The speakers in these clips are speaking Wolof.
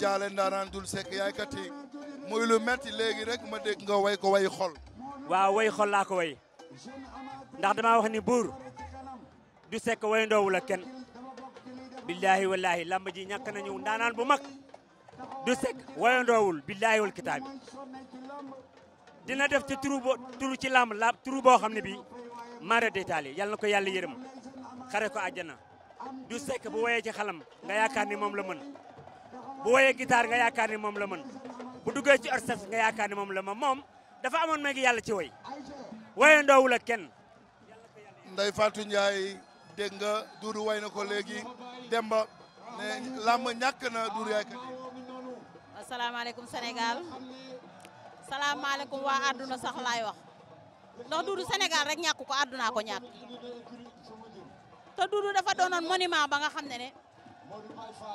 jaale ndaran dul sek yaay kati moy lu metti léegi rek ma deg nga way ko way xol waaw way xol la ko way ndax dama wax ni buur du sek way ndoowu la kenn billaahi wallaahi lamb ji ñak nañu ndanan bu mak du sek way ndowul billahi wal kitab dina def ci turu boo turu ci lamb la turu bo xamni bi mara detali yalla nako yàlla yërëm xare ko aljana du sek bu waye ci xalam nga yakarni mom la mën bu waye guitar nga yakarni mom la man bu duggee ci orchestre nga yakarni mom la mom dafa amone magi yalla ci way waye ndoowul ak kenn nday Fatou ndjay dégg nga Doudou way ko legi Demba ne làmb ñàkk na Doudou assalamu alaykum senegal assalamu alaykum wa aduna sax lay wax ndax duru senegal rek ñak ko aduna ko ñak te duru dafa donon monument ba nga xamne ne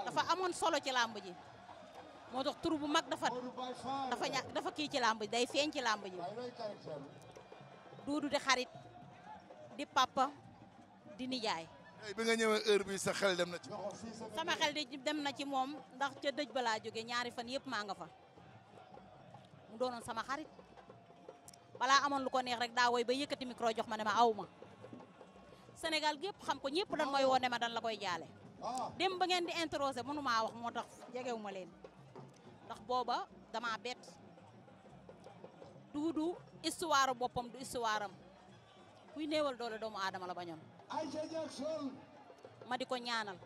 dafa amone solo ci lamb ji motax tour bu mag dafa dafa dafa ki ci lamb ji day feeñ ci lamb ji dudu di xarit di papa di nijaay bi nga heure bi sa xel dem na ci sama xel di dem na ci mom ndax ci dëj bala ñaari fan yépp ma nga fa mu doonoon sama xarit bala amon lu ko neex rek da way ba yëkëti micro jox ma ne ma awuma ma Sénégal gépp xam ko ñëpp dañ moy woné ma dan la koy dem ba ngeen di interroger munuma wax motax tax len ndax boba dama bet dudu histoire bopam du histoire am kuy néewal doole doomu adama la bañoon ma di ko ñaanal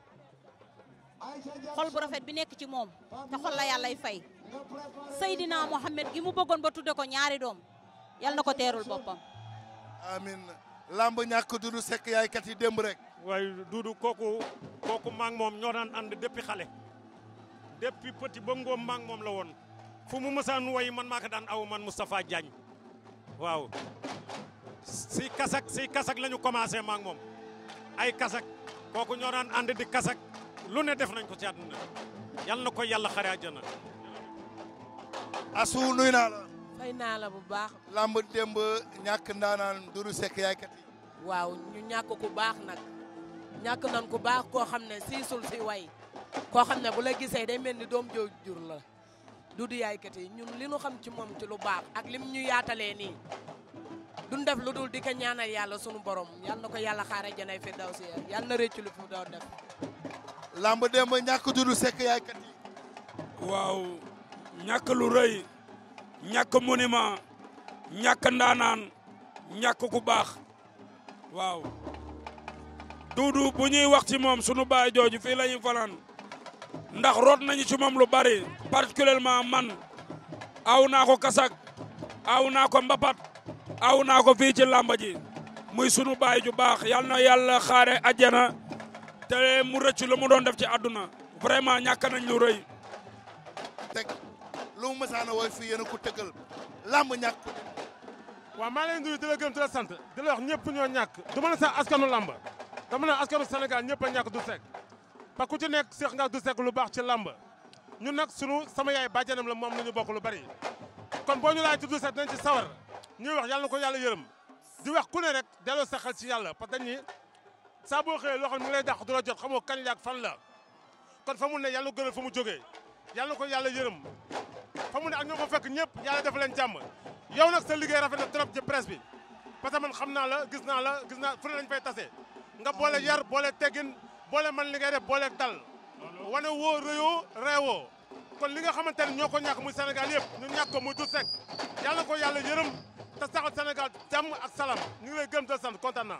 xol bu rafet bi nek ci mom ta xol la yalla fay sayidina Mohamed gi mu bëggoon ba tudde ko ñaari doom yalla nako terul bopam amin lamb ñak dudu sek yaay kat yi demb rek waaye Doudou kooku kooku maa moom ñoo daan ànd depuis xale depuis petit ba ngoom maa moom la woon fu mu mësaan way man maa ko daan aw man Moustapha Diagne waaw si kasak si kasak lañu ñu commencé maa moom ay kasak kooku ñoo daan ànd di kasak lu ne def nañ ko ci àdduna yal na ko yàlla xare àjjana asu nuy naa la fay naa la bu baax lamb démb ñàkk ndaanaan Doudou Seck yaaykat yi waaw ñu ñàkk ku baax nag ñàkk nan ku baax koo xam ne siisul si way koo xam ne bu la gisee day mel ni doom joo jur la dudu yaaykat yi ñun li nu xam ci moom ci lu baax ak lim ñu yaatalee nii duñ def lu dul di ko ñaanal yàlla sunu borom yal na ko yàlla xaare janay fi daw si yal na réccu lu fi daw def lamb démb ñàkk du sekk yaaykat yi waaw ñàkk lu rëy ñàkk monument ñàkk ndaanaan ñàkk ku waaw duudu bu ñuy wax ci moom sunu baay jooju fii la ñuy fanaan ndax root nañu ci moom lu bari particulièrement man aw naa ko kasak aw naa ko mbapat aw naa ko fii ci làmba ji muy sunu baay ju baax yal na yàlla xaare ajjana te mu rëcc lu mu doon def ci àdduna vraiment ñàkk nañ lu rëy teg lu mu mësaana wooy fii yéen a ko tëggal làmb ñàkk waaw maa leen nuyu di la gërëm la sant di la wax ñëpp ñoo ñàkk du ma sa sax askanu làmba dama na askanu senegal ñëpp a ñàkk du sekk ba ku ci nekk seex nga du sekk lu baax ci làmb ñun nag sunu sama yaay bàjjanam la moom la bokk lu bari kon boo ñu laaj ci du sekk nañ ci sawar ñuy wax yàlla na ko yàlla yërëm di weex ku ne rek delloo sa xel ci yàlla parce que dañ ni saa boo xëyee loo xam ne mu ngi lay dàq du la jot xamoo kañ la ak fan la kon fa mu ne yàlla gënal fa mu jógee yàlla ko yàlla yërëm fa mu ne ak ñoo fa fekk ñëpp yàlla def leen jàmm yow nag sa liggéey rafet na trop ci presse bi parce que man xam naa la gis naa la gis naa lañ fay tase nga boole yar boole teggin boole man li ngay def boole dal wane woo réyoo reewoo kon li nga xamante ne ñoo ko ñàkk muy Sénégal yëpp ñu ñàkk ko muy du sec yàlla ko yàlla yërëm te saxal Sénégal ak salam ñu ngi lay gëm sant kontaan